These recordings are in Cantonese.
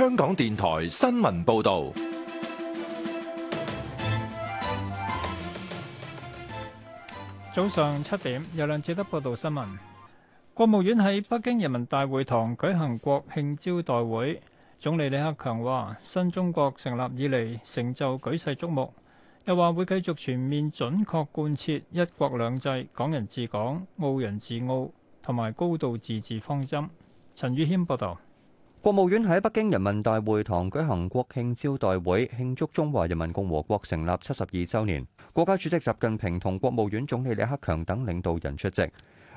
香港電台新聞報道，早上七點，有梁智德報道新聞。國務院喺北京人民大會堂舉行國慶招待會，總理李克強話，新中國成立以嚟成就舉世矚目，又話會繼續全面準確貫徹一國兩制、港人治港、澳人治澳同埋高度自治方針。陳宇謙報道。國務院喺北京人民大會堂舉行國慶招待會，慶祝中華人民共和國成立七十二周年。國家主席習近平同國務院總理李克強等領導人出席。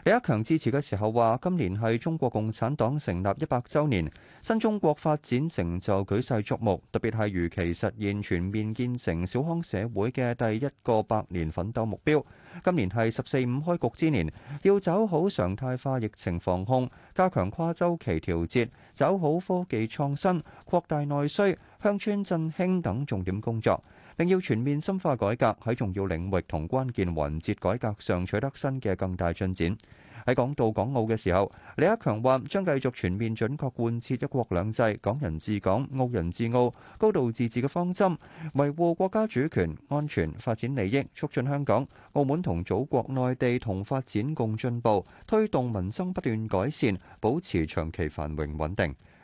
李克強致辭嘅時候話：今年係中國共產黨成立一百周年，新中國發展成就舉世矚目，特別係如期實現全面建成小康社會嘅第一個百年奮鬥目標。今年係十四五開局之年，要走好常態化疫情防控，加強跨周期調節，走好科技創新、擴大內需、鄉村振興等重點工作。並要全面深化改革，喺重要領域同關鍵環節改革上取得新嘅更大進展。喺講到港澳嘅時候，李克強話將繼續全面準確貫徹一國兩制、港人治港、澳人治澳、高度自治嘅方針，維護國家主權、安全、發展利益，促進香港、澳門同祖國內地同發展共進步，推動民生不斷改善，保持長期繁榮穩定。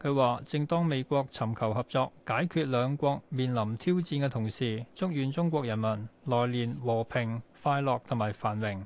佢話，正當美國尋求合作解決兩國面臨挑戰嘅同時，祝願中國人民來年和平、快樂同埋繁榮。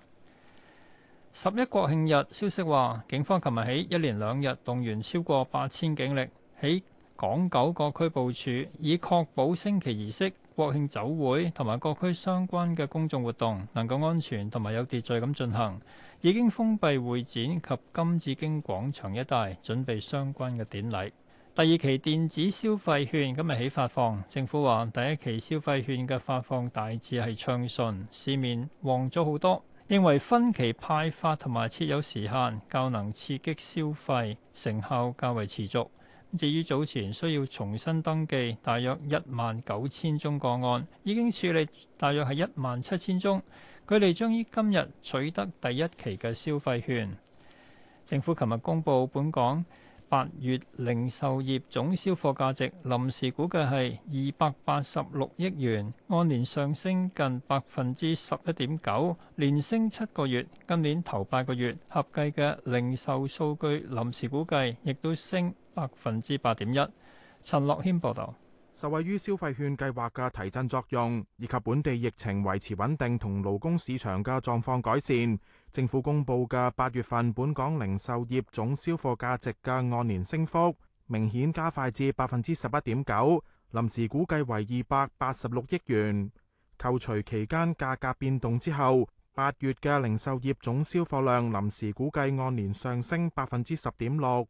十一國慶日消息話，警方琴日起一連兩日動員超過八千警力喺港九各區部署，以確保升旗儀式、國慶酒會同埋各區相關嘅公眾活動能夠安全同埋有秩序咁進行。已經封閉會展及金紫荊廣場一帶，準備相關嘅典禮。第二期電子消費券今日起發放，政府話第一期消費券嘅發放大致係暢順，市面旺咗好多，認為分期派發同埋設有時限較能刺激消費，成效較為持續。至於早前需要重新登記，大約一萬九千宗個案，已經處理大約係一萬七千宗，佢哋將於今日取得第一期嘅消費券。政府琴日公布本港。八月零售業總銷貨價值臨時估計係二百八十六億元，按年上升近百分之十一點九，連升七個月。今年頭八個月合計嘅零售數據臨時估計亦都升百分之八點一。陳樂謙報道。受惠於消費券計劃嘅提振作用，以及本地疫情維持穩定同勞工市場嘅狀況改善，政府公布嘅八月份本港零售業總銷貨價值嘅按年升幅明顯加快至百分之十一點九，臨時估計為二百八十六億元。扣除期間價格變動之後，八月嘅零售業總銷貨量臨時估計按年上升百分之十點六，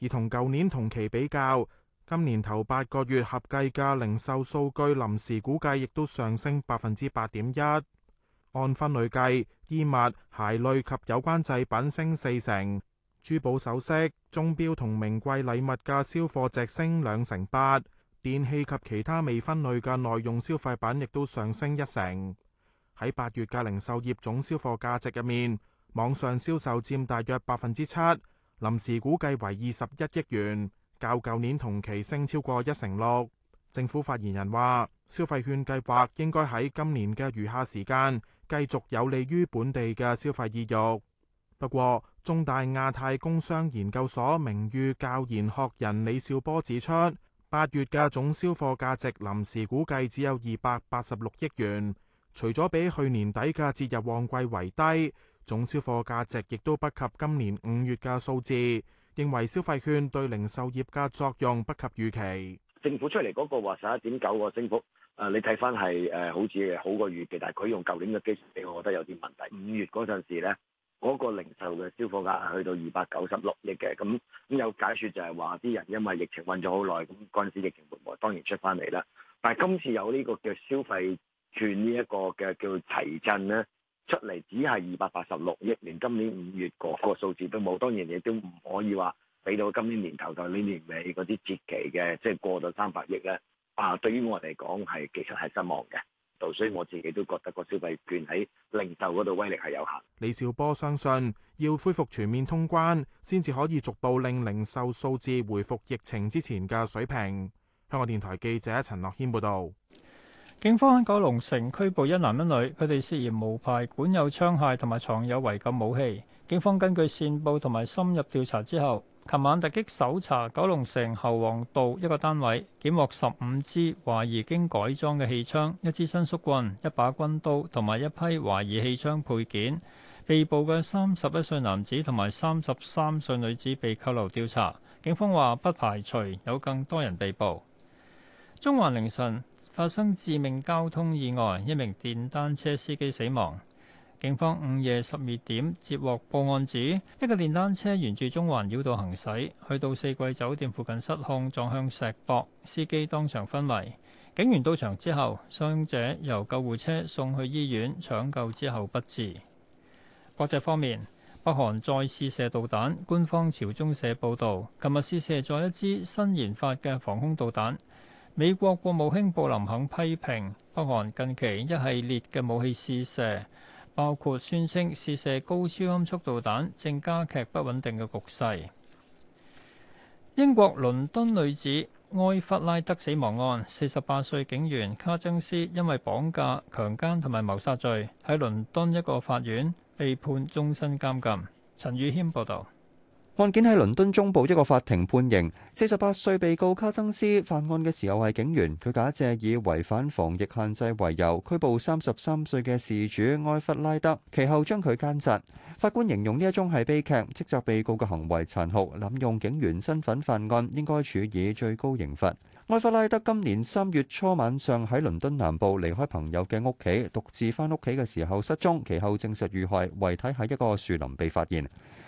而同舊年同期比較。今年頭八個月合計嘅零售數據臨時估計亦都上升百分之八點一，按分類計，衣物、鞋類及有關製品升四成，珠寶首飾、鐘錶同名貴禮物嘅銷貨值升兩成八，電器及其他未分類嘅耐用消費品亦都上升一成。喺八月嘅零售業總銷貨價值入面，網上銷售佔大約百分之七，臨時估計為二十一億元。較舊年同期升超過一成六。政府發言人話，消費券計劃應該喺今年嘅餘下時間繼續有利於本地嘅消費意欲。不過，中大亞太工商研究所名譽教研學人李兆波指出，八月嘅總銷貨價值臨時估計只有二百八十六億元，除咗比去年底嘅節日旺季為低，總銷貨價值亦都不及今年五月嘅數字。認為消費券對零售業嘅作用不及預期。政府出嚟嗰個話十一點九個升幅，誒，你睇翻係誒，好似好過預期，但係佢用舊年嘅基礎俾我，覺得有啲問題。五月嗰陣時咧，嗰個零售嘅消費額去到二百九十六億嘅，咁咁有解說就係話啲人因為疫情困咗好耐，咁嗰陣時疫情緩和，當然出翻嚟啦。但係今次有呢個叫消費券呢一個嘅叫提振咧。出嚟只係二百八十六億，連今年五月嗰個數字都冇。當然亦都唔可以話俾到今年年頭，就你年尾嗰啲節期嘅，即係過到三百億咧。啊，對於我嚟講，係其實係失望嘅，到所以我自己都覺得個消費券喺零售嗰度威力係有限。李兆波相信要恢復全面通關先至可以逐步令零售數字回復疫情之前嘅水平。香港電台記者陳諾謙報道。警方喺九龍城拘捕一男一女，佢哋涉嫌無牌管有槍械同埋藏有違禁武器。警方根據線報同埋深入調查之後，琴晚突擊搜查九龍城侯王道一個單位，檢獲十五支懷疑經改裝嘅氣槍、一支伸縮棍、一把軍刀同埋一批懷疑氣槍配件。被捕嘅三十一歲男子同埋三十三歲女子被扣留調查。警方話不排除有更多人被捕。中環凌晨發生致命交通意外，一名電單車司機死亡。警方午夜十二點接獲報案指，指一個電單車沿住中環繞道行駛，去到四季酒店附近失控撞向石壆，司機當場昏迷。警員到場之後，傷者由救護車送去醫院搶救，之後不治。國際方面，北韓再次射導彈。官方朝中社報導，琴日試射咗一支新研發嘅防空導彈。美國國務卿布林肯批評北韓近期一系列嘅武器試射，包括宣稱試射高超音速導彈，正加劇不穩定嘅局勢。英國倫敦女子埃弗拉德死亡案，四十八歲警員卡曾斯因為綁架、強姦同埋謀殺罪，喺倫敦一個法院被判終身監禁。陳宇謙報道。案件喺倫敦中部一個法庭判刑，四十八歲被告卡曾斯犯案嘅時候係警員，佢假借以違反防疫限制為由拘捕三十三歲嘅事主埃弗拉德，其後將佢姦殺。法官形容呢一宗係悲劇，斥責被告嘅行為殘酷，濫用警員身份犯案應該處以最高刑罰。埃弗拉德今年三月初晚上喺倫敦南部離開朋友嘅屋企，獨自返屋企嘅時候失蹤，其後證實遇害，遺體喺一個樹林被發現。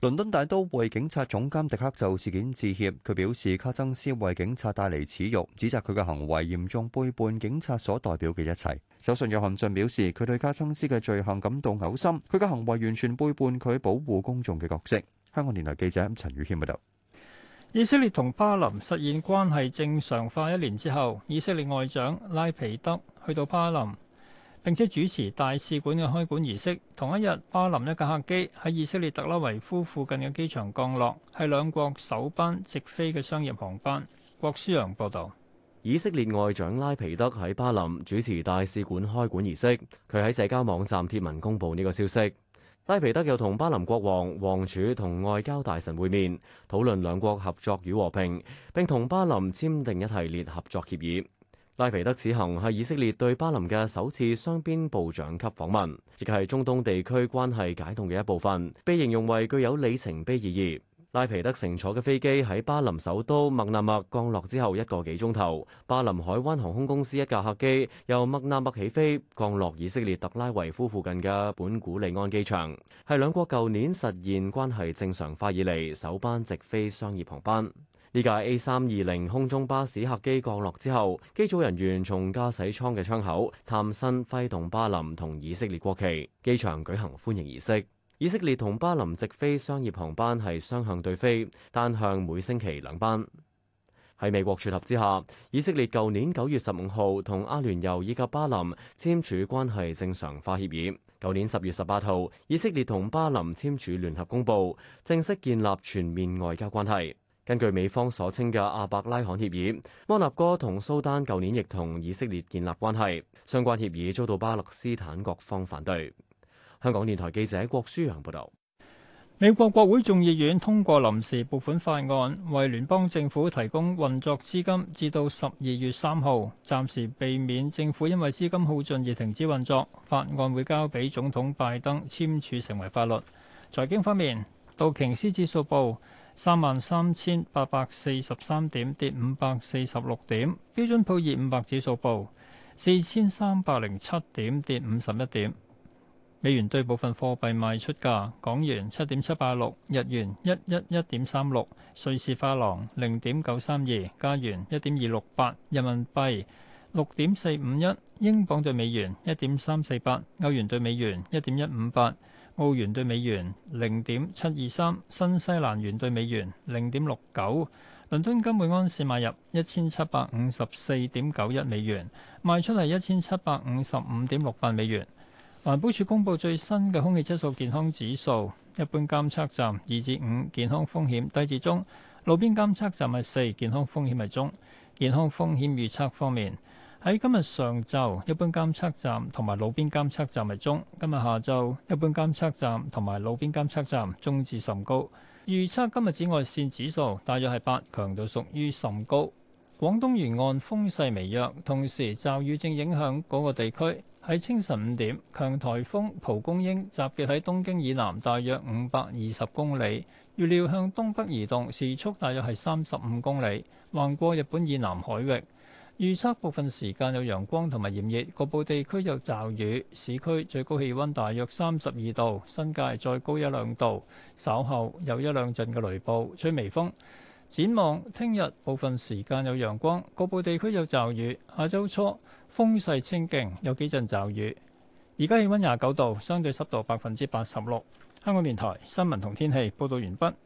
倫敦大都會警察總監迪克就事件致歉，佢表示卡曾斯為警察帶嚟恥辱，指責佢嘅行為嚴重背叛警察所代表嘅一切。首相約翰遜表示，佢對卡曾斯嘅罪行感到嘔心，佢嘅行為完全背叛佢保護公眾嘅角色。香港電台記者陳宇謙報道。以色列同巴林實現關係正常化一年之後，以色列外長拉皮德去到巴林。並且主持大使館嘅開館儀式。同一日，巴林一架客機喺以色列特拉維夫附近嘅機場降落，係兩國首班直飛嘅商業航班。郭思洋報導。以色列外長拉皮德喺巴林主持大使館開館儀式，佢喺社交網站貼文公佈呢個消息。拉皮德又同巴林國王、王儲同外交大臣會面，討論兩國合作與和平，並同巴林簽訂一系列合作協議。拉皮德此行係以色列對巴林嘅首次雙邊部長級訪問，亦係中東地區關係解凍嘅一部分，被形容為具有里程碑意義。拉皮德乘坐嘅飛機喺巴林首都麥納麥降落之後一個幾鐘頭，巴林海灣航空公司一架客機由麥納麥起飛降落以色列特拉維夫附近嘅本古利安機場，係兩國舊年實現關係正常化以嚟首班直飛商業航班。呢架 A 三二零空中巴士客機降落之後，機組人員從駕駛艙嘅窗口探身揮動巴林同以色列國旗，機場舉行歡迎儀式。以色列同巴林直飛商業航班係雙向對飛，單向每星期兩班。喺美國撮合之下，以色列舊年九月十五號同阿聯酋以及巴林簽署關係正常化協議。舊年十月十八號，以色列同巴林簽署聯合公佈，正式建立全面外交關係。根據美方所稱嘅阿伯拉罕協議，摩納哥同蘇丹舊年亦同以色列建立關係，相關協議遭到巴勒斯坦各方反對。香港電台記者郭舒揚報導。美國國會眾議院通過臨時撥款法案，為聯邦政府提供運作資金，至到十二月三號，暫時避免政府因為資金耗盡而停止運作。法案會交俾總統拜登簽署成為法律。財經方面，道瓊斯指數報三萬三千八百四十三點，跌五百四十六點。標準普爾五百指數報四千三百零七點，跌五十一點。美元對部分貨幣賣出價：港元七點七八六，日元一一一點三六，瑞士法郎零點九三二，加元一點二六八，人民幣六點四五一，英鎊對美元一點三四八，歐元對美元一點一五八。澳元兌美元零點七二三，新西蘭元兌美元零點六九，倫敦金每安士買入一千七百五十四點九一美元，賣出係一千七百五十五點六八美元。環保署公佈最新嘅空氣質素健康指數，一般監測站二至五，健康風險低至中，路邊監測站係四，健康風險係中，健康風險預測方面，喺今日上晝，一般監測站同埋路邊監測站係中；今日下晝，一般監測站同埋路邊監測站中至甚高。預測今日紫外線指數大約係八，強度屬於甚高。廣東沿岸風勢微弱，同時驟雨正影響嗰個地區。喺清晨五點，強颱風蒲公英集結喺東京以南大約五百二十公里，預料向東北移動，時速大約係三十五公里，橫過日本以南海域。預測部分時間有陽光同埋炎熱，局部地區有驟雨。市區最高氣温大約三十二度，新界再高一兩度。稍後有一兩陣嘅雷暴，吹微風。展望聽日部分時間有陽光，局部地區有驟雨。下周初風勢清勁，有幾陣驟雨。而家氣温廿九度，相對濕度百分之八十六。香港電台新聞同天氣報道完畢。